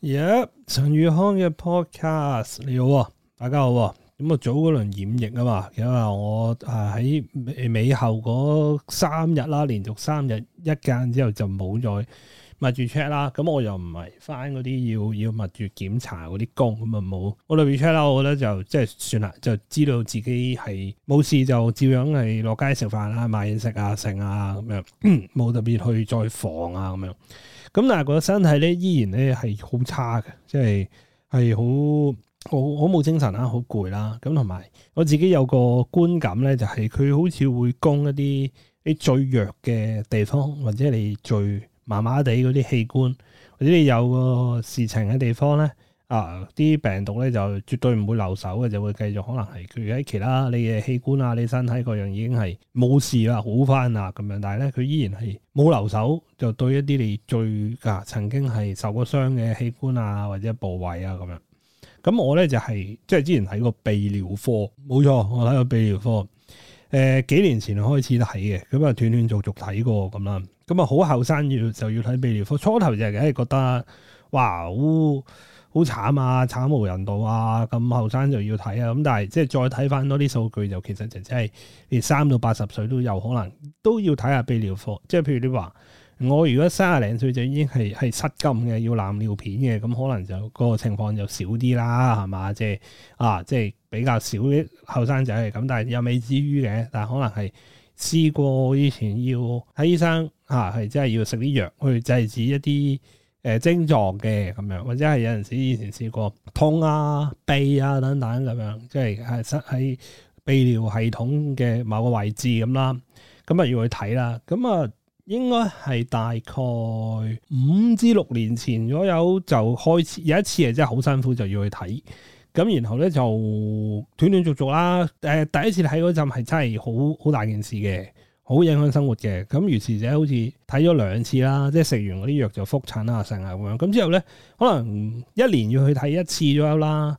Yep，陳宇康嘅 podcast，你好，大家好。咁、嗯、啊，我早嗰輪染疫啊嘛，因為我啊喺尾後嗰三日啦，連續三日一間之後就冇再。密住 check 啦，咁我又唔係翻嗰啲要要密住檢查嗰啲工，咁啊冇我特別 check 啦。我覺得就即係算啦，就知道自己係冇事，就照樣係落街食飯啦、買嘢食啊、剩啊咁樣，冇特別去再防啊咁樣。咁但係覺得身體咧依然咧係好差嘅，即係係好好好冇精神啦，好攰啦。咁同埋我自己有個觀感咧，就係、是、佢好似會攻一啲你最弱嘅地方，或者你最。麻麻地嗰啲器官，或者你有個事情嘅地方咧，啊啲病毒咧就絕對唔會留守嘅，就會繼續可能係佢喺其他你嘅器官啊、你身體嗰樣已經係冇事啦、好返啦咁樣，但係咧佢依然係冇留守，就對一啲你最啊曾經係受過傷嘅器官啊或者部位啊咁樣。咁我咧就係、是、即係之前喺個泌尿科，冇錯，我睇個泌尿科。誒、呃、幾年前開始睇嘅，咁啊斷斷續續睇過咁啦，咁啊好後生要就要睇泌尿科，初頭就係覺得哇，好、呃、好慘啊，慘無人道啊，咁後生就要睇啊，咁但係即係再睇翻多啲數據，就其實甚至係三到八十歲都有可能都要睇下泌尿科，即係譬如你話。我如果三廿零歲就已經係係失禁嘅，要攬尿片嘅，咁可能就個情況就少啲啦，係嘛？即係啊，即係比較少啲後生仔係咁，但係又未至於嘅。但係可能係試過以前要睇醫生嚇，係真係要食啲藥去制止一啲誒症狀嘅咁樣，或者係有陣時以前試過痛啊、痹啊等等咁樣，即係係喺泌尿系統嘅某個位置咁啦，咁啊要去睇啦，咁啊。應該係大概五至六年前左右，就開始有一次係真係好辛苦就要去睇，咁然後咧就斷斷續續啦。誒、呃、第一次睇嗰陣係真係好好大件事嘅，好影響生活嘅。咁於是者好似睇咗兩次啦，即係食完嗰啲藥就複診啊，成啊咁樣。咁之後咧可能一年要去睇一次左右啦。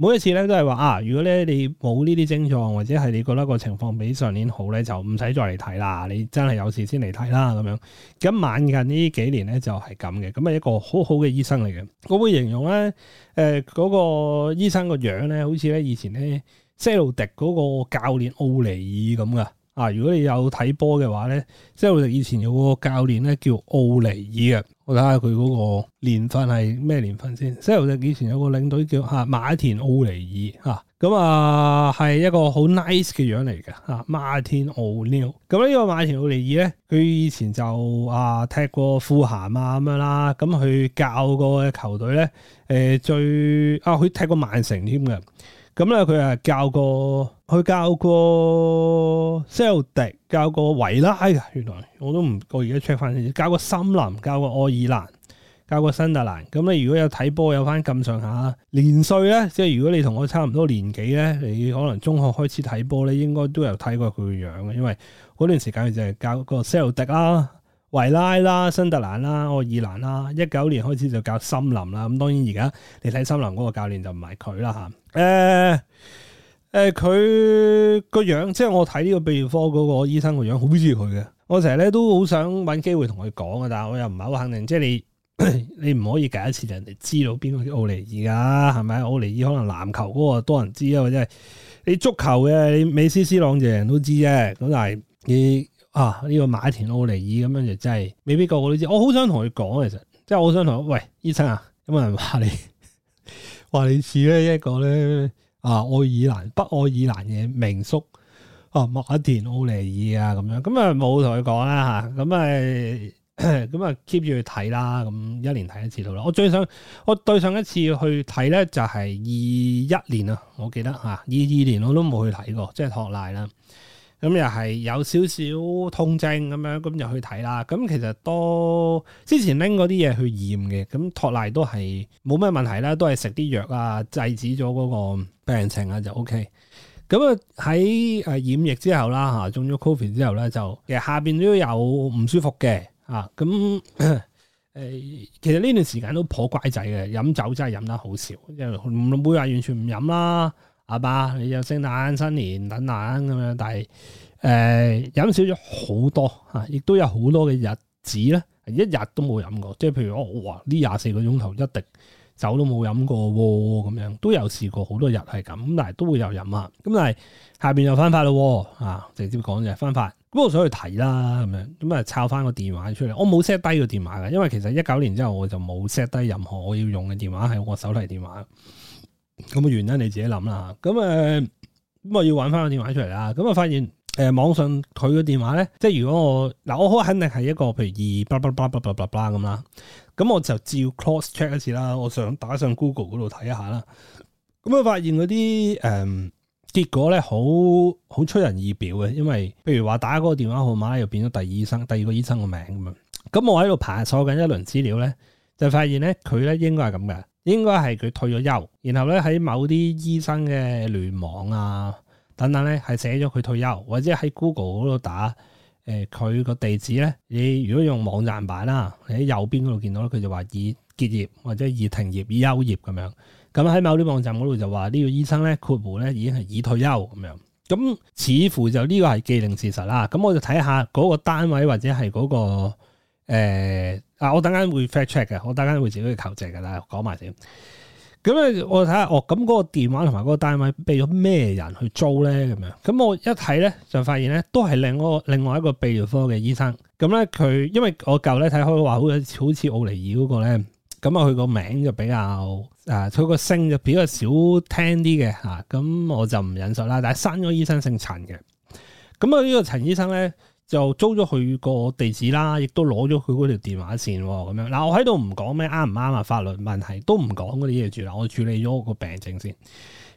每一次咧都係話啊，如果咧你冇呢啲症狀，或者係你覺得個情況比上年好咧，就唔使再嚟睇啦。你真係有事先嚟睇啦咁樣。咁晚近呢幾年咧就係咁嘅，咁係一個好好嘅醫生嚟嘅。我會形容咧，誒、呃、嗰、嗰個醫生個樣咧，好似咧以前咧西路迪嗰個教練奧尼爾咁噶。啊，如果你有睇波嘅話咧，西路迪以前有個教練咧叫奧尼爾。我睇下佢嗰個年份係咩年份先？西遊記以前有個領隊叫嚇馬田奧尼爾嚇，咁啊係一個好 nice 嘅樣嚟嘅嚇。Martin O'Neill 咁呢個馬田奧尼爾咧，佢以前就啊踢過富咸啊咁樣啦，咁、啊、佢教過嘅球隊咧，誒、啊、最啊佢、啊、踢過曼城添嘅。咁咧，佢啊、嗯、教過，佢教過 cell 迪，教過維拉噶、哎，原來我都唔，我而家 check 翻先，教過森林，教過愛爾蘭，教過新特蘭。咁、嗯、咧、嗯，如果有睇波有翻咁上下年歲咧，即係如果你同我差唔多年紀咧，你可能中學開始睇波咧，應該都有睇過佢嘅樣嘅，因為嗰段時間佢就係教過 cell 迪啦。維拉啦、新特蘭啦、愛爾蘭啦，一九年開始就教森林啦。咁當然而家你睇森林嗰個教練就唔係佢啦吓。誒、啊、誒，佢、啊、個樣即係我睇呢個泌尿科嗰個醫生個樣，好似佢嘅。我成日咧都好想揾機會同佢講啊，但係我又唔係好肯定。即係你 你唔可以第一次人哋知道邊個奧尼爾啊，係咪？奧尼爾可能籃球嗰個多人知啊，即係你足球嘅，你美斯 C 朗人人都知啫。咁但係你。啊！呢個馬田奧尼爾咁樣就真係未必個個都知。我好想同佢講，其實即係我好想同喂，醫生啊，咁有人話你話你似咧一個咧啊愛爾蘭北愛爾蘭嘅名宿啊馬田奧尼爾啊咁樣，咁啊冇同佢講啦嚇，咁啊咁啊 keep 住去睇啦，咁一年睇一次到啦。我最想我對上一次去睇咧就係二一年啊，我記得嚇二二年我都冇去睇過，即係托賴啦。咁、嗯、又係有少少痛症咁樣，咁就去睇啦。咁其實都之前拎嗰啲嘢去驗嘅，咁托賴都係冇咩問題啦，都係食啲藥啊，制止咗嗰個病情啊就 OK。咁啊喺誒染疫之後啦嚇、啊，中咗 Covid 之後咧，就其實下邊都有唔舒服嘅啊。咁、嗯、誒 其實呢段時間都頗乖仔嘅，飲酒真係飲得好少，因為唔會話完全唔飲啦。阿爸，你又聖誕新年等等咁樣，但係誒飲少咗好多嚇，亦、啊、都有好多嘅日子咧、啊，一日都冇飲過。即係譬如我話呢廿四個鐘頭一滴酒都冇飲過喎，咁、啊、樣都有試過好多日係咁，但係都會有飲啊。咁但係下邊又翻翻啦，啊直接講就翻翻。咁我想去睇啦，咁樣咁啊抄翻個電話出嚟。我冇 set 低個電話嘅，因為其實一九年之後我就冇 set 低任何我要用嘅電話，係我手提電話。咁個原因你自己諗啦吓，咁誒咁我要揾翻個電話出嚟啦，咁啊發現誒網上佢嘅電話咧，即係如果我嗱我好肯定係一個譬如二 blah b l a 咁啦，咁我就照 cross check 一次啦，我想打上 Google 嗰度睇一下啦，咁啊發現嗰啲誒結果咧好好出人意表嘅，因為譬如話打嗰個電話號碼又變咗第二醫生第二個醫生個名咁樣，咁我喺度排錯緊一輪資料咧，就發現咧佢咧應該係咁嘅。應該係佢退咗休，然後咧喺某啲醫生嘅聯網啊等等咧，係寫咗佢退休，或者喺 Google 嗰度打誒佢個地址咧。你如果用網站版啦，你喺右邊嗰度見到咧，佢就話已結業或者已停業、已休業咁樣。咁喺某啲網站嗰度就話呢個醫生咧，括弧咧已經係已退休咁樣。咁似乎就呢個係既定事實啦。咁我就睇下嗰個單位或者係嗰個。誒，啊、呃！我等間會 fact check 嘅，我等間會自己去求證噶啦，講埋先。咁咧，我睇下哦，咁、那、嗰個電話同埋嗰個單位俾咗咩人去租咧？咁樣，咁我一睇咧就發現咧，都係另嗰另外一個泌尿科嘅醫生。咁咧，佢因為我舊咧睇開話好似好似奧尼爾嗰那個咧，咁啊佢個名就比較誒，佢、呃、個聲就比較少聽啲嘅吓。咁、啊、我就唔忍受啦。但係新嗰個醫生姓陳嘅。咁啊呢個陳醫生咧。就租咗佢個地址啦，亦都攞咗佢嗰條電話線咁樣。嗱，我喺度唔講咩啱唔啱啊，法律問題都唔講嗰啲嘢住啦。我處理咗個病症先。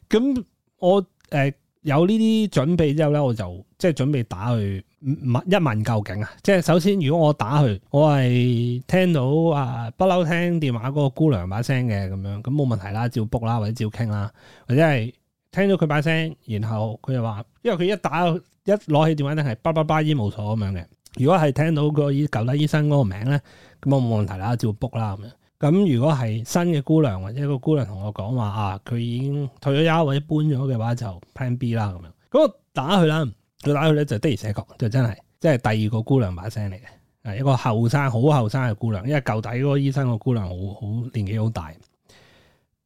咁我誒、呃、有呢啲準備之後咧，我就即係準備打去問一問究竟啊。即係首先，如果我打去，我係聽到啊不嬲聽電話嗰個姑娘把聲嘅咁樣，咁冇問題啦，照 book 啦或者照傾啦，或者係。聽到佢把聲，然後佢又話，因為佢一打一攞起電話咧係叭叭叭醫務所咁樣嘅。如果係聽到個舊底醫生嗰個名咧，咁我冇問題啦，照 book 啦咁樣。咁如果係新嘅姑娘或者一個姑娘同我講話啊，佢已經退咗休或者搬咗嘅話，就 plan B 啦咁樣。咁我打佢啦，佢打佢咧就的而且確就真係即係第二個姑娘把聲嚟嘅，啊一個後生好後生嘅姑娘，因為舊底嗰個醫生個姑娘好好年紀好大。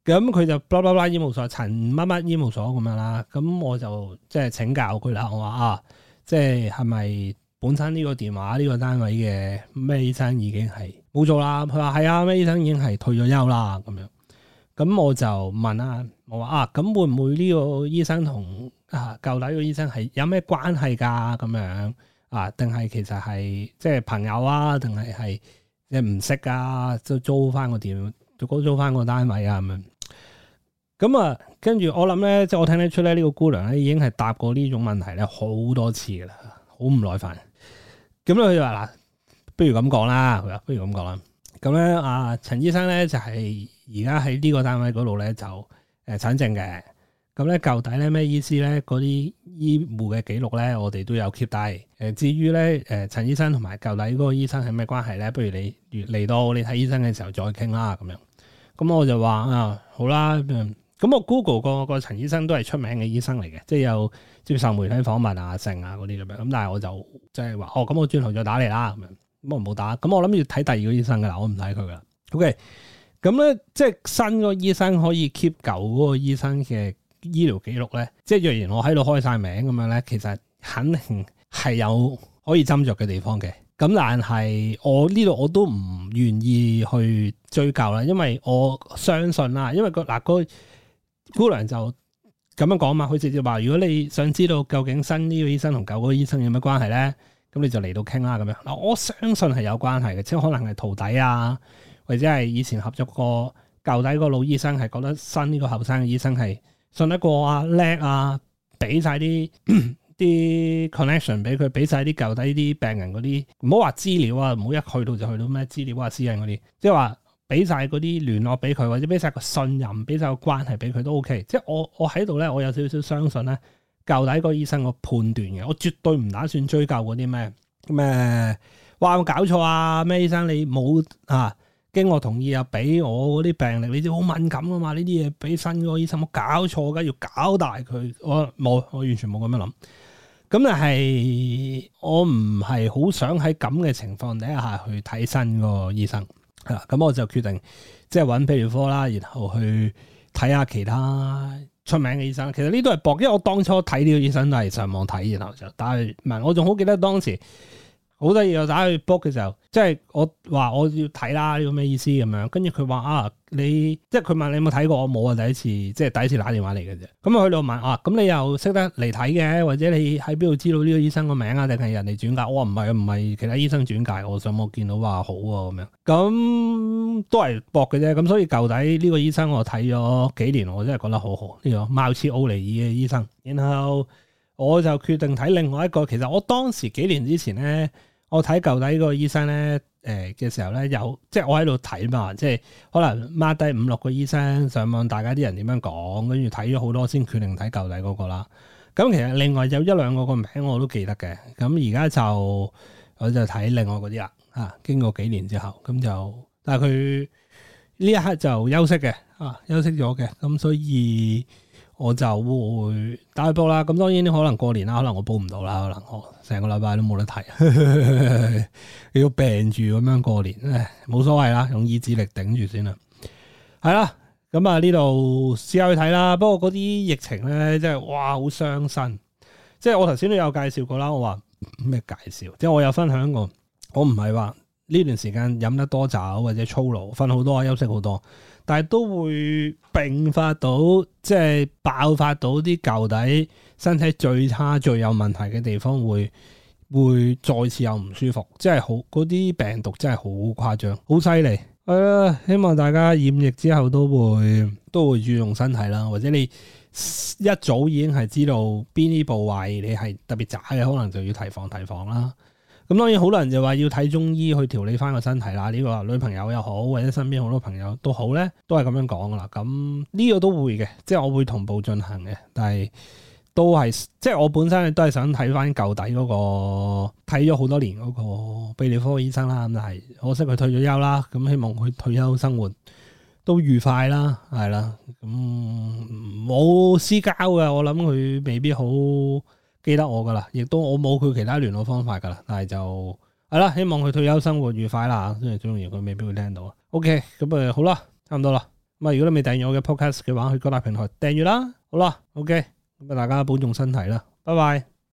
咁佢就 blah blah blah 醫務所陳乜乜醫務所咁樣啦，咁我就即係請教佢啦，我話啊，即係係咪本身呢個電話呢個單位嘅咩醫生已經係冇做啦？佢話係啊，咩醫生已經係退咗休啦咁樣。咁我就問啦，我話啊，咁會唔會呢個醫生同啊舊嚟個醫生係有咩關係㗎？咁樣啊，定係其實係即係朋友啊？定係係即係唔識啊？就租翻個店，都租翻個單位啊？咁樣。咁啊，跟住、嗯、我諗咧，即係我聽得出咧，呢、呢個姑娘咧已經係答過呢種問題咧好多次啦，好唔耐煩。咁佢就話嗱，不如咁講啦，不如咁講啦。咁咧啊，陳醫生咧就係而家喺呢個單位嗰度咧就誒診症嘅。咁咧舊底咧咩醫師咧，嗰啲醫護嘅記錄咧，我哋都有 keep 低。誒、呃，至於咧誒、呃、陳醫生同埋舊底嗰個醫生係咩關係咧，不如你嚟到你睇醫生嘅時候再傾啦，咁樣。咁我就話啊，好啦。呃嗯咁、嗯、我 Google 個個陳醫生都係出名嘅醫生嚟嘅，即係有接受媒體訪問啊、剩啊嗰啲咁樣。咁、啊啊、但係我就即係話，哦咁我轉頭再打你啦，咁咁我唔好打。咁我諗住睇第二個醫生㗎喇，我唔睇佢噶。OK，咁、嗯、咧即係新個醫生可以 keep 舊嗰個醫生嘅醫療記錄咧，即係若然我喺度開晒名咁樣咧，其實肯定係有可以斟酌嘅地方嘅。咁但係我呢度我都唔願意去追究啦，因為我相信啦，因為個、那、嗱個。姑娘就咁樣講嘛，佢直接話：如果你想知道究竟新呢個醫生同舊嗰個醫生有咩關係咧，咁你就嚟到傾啦。咁樣嗱，我相信係有關係嘅，即係可能係徒弟啊，或者係以前合作過舊底個老醫生係覺得新呢個後生嘅醫生係信得過啊、叻啊，俾晒啲啲 connection 俾佢，俾晒啲舊底啲病人嗰啲，唔好話資料啊，唔好一去到就去到咩資料啊、私隱嗰啲，即係話。俾晒嗰啲聯絡俾佢，或者俾晒個信任，俾晒個關係俾佢都 OK。即係我我喺度咧，我有少少相信咧，舊底個醫生個判斷嘅，我絕對唔打算追究嗰啲咩咩。哇，我搞錯啊！咩醫生你冇啊經我同意啊，俾我嗰啲病歷，你知好敏感噶嘛？呢啲嘢俾新個醫生，我搞錯噶，要搞大佢。我冇，我完全冇咁樣諗。咁但係，我唔係好想喺咁嘅情況底下去睇新個醫生。咁、嗯、我就決定即係揾譬如科啦，然後去睇下其他出名嘅醫生。其實呢都係博，因為我當初睇呢個醫生都係上網睇，然後就，打去唔係，我仲好記得當時。好得意啊，打去搏嘅時候，即係我話我要睇啦呢個咩意思咁樣？跟住佢話啊，你即係佢問你有冇睇過我？我冇啊，第一次即係第一次打電話嚟嘅啫。咁啊佢就問啊，咁你又識得嚟睇嘅？或者你喺邊度知道呢個醫生個名啊？定係人哋轉介？我話唔係啊，唔係其他醫生轉介，我上網見到話好啊咁樣。咁、嗯、都係搏嘅啫。咁所以舊底呢個醫生我睇咗幾年，我真係覺得好好呢個貌似奧尼爾嘅醫生，然後。我就決定睇另外一個。其實我當時幾年之前咧，我睇舊底嗰個醫生咧，誒嘅時候咧，有即係我喺度睇嘛，即係可能 mark 低五六個醫生上網，大家啲人點樣講，跟住睇咗好多先決定睇舊底嗰個啦。咁、嗯、其實另外有一兩個個名我都記得嘅。咁而家就我就睇另外嗰啲啦嚇。經過幾年之後，咁、嗯、就但係佢呢一刻就休息嘅啊，休息咗嘅。咁所以。我就會打去報啦，咁當然可能過年啦，可能我報唔到啦，可能我成個禮拜都冇得睇， 要病住咁樣過年，唉，冇所謂啦，用意志力頂住先啦。係啦，咁啊呢度試下去睇啦，不過嗰啲疫情咧，真係哇好傷身。即係我頭先都有介紹過啦，我話咩介紹，即係我有分享過，我唔係話。呢段時間飲得多酒或者操勞，瞓好多啊，休息好多，但係都會並發到即係爆發到啲舊底身體最差、最有問題嘅地方，會會再次有唔舒服，即係好嗰啲病毒真係好誇張、好犀利。係啦，希望大家染疫之後都會都會注重身體啦，或者你一早已經係知道邊啲部位你係特別渣嘅，可能就要提防提防啦。咁當然好多人就話要睇中醫去調理翻個身體啦，呢、這個女朋友又好，或者身邊好多朋友好都好呢都係咁樣講噶啦。咁呢個都會嘅，即係我會同步進行嘅，但係都係即係我本身都係想睇翻舊底嗰、那個睇咗好多年嗰個泌尿科醫生啦。咁但係可惜佢退咗休啦，咁希望佢退休生活都愉快啦，係啦，咁冇、嗯、私交嘅，我諗佢未必好。記得我噶啦，亦都我冇佢其他聯絡方法噶啦，但係就係啦，希望佢退休生活愉快啦吓。雖然朱容佢未必會聽到啊。OK，咁啊好啦，差唔多啦。咁啊，如果你未訂閱我嘅 podcast 嘅話，去各大平台訂閱啦。好啦，OK，咁啊，大家保重身體啦，拜拜。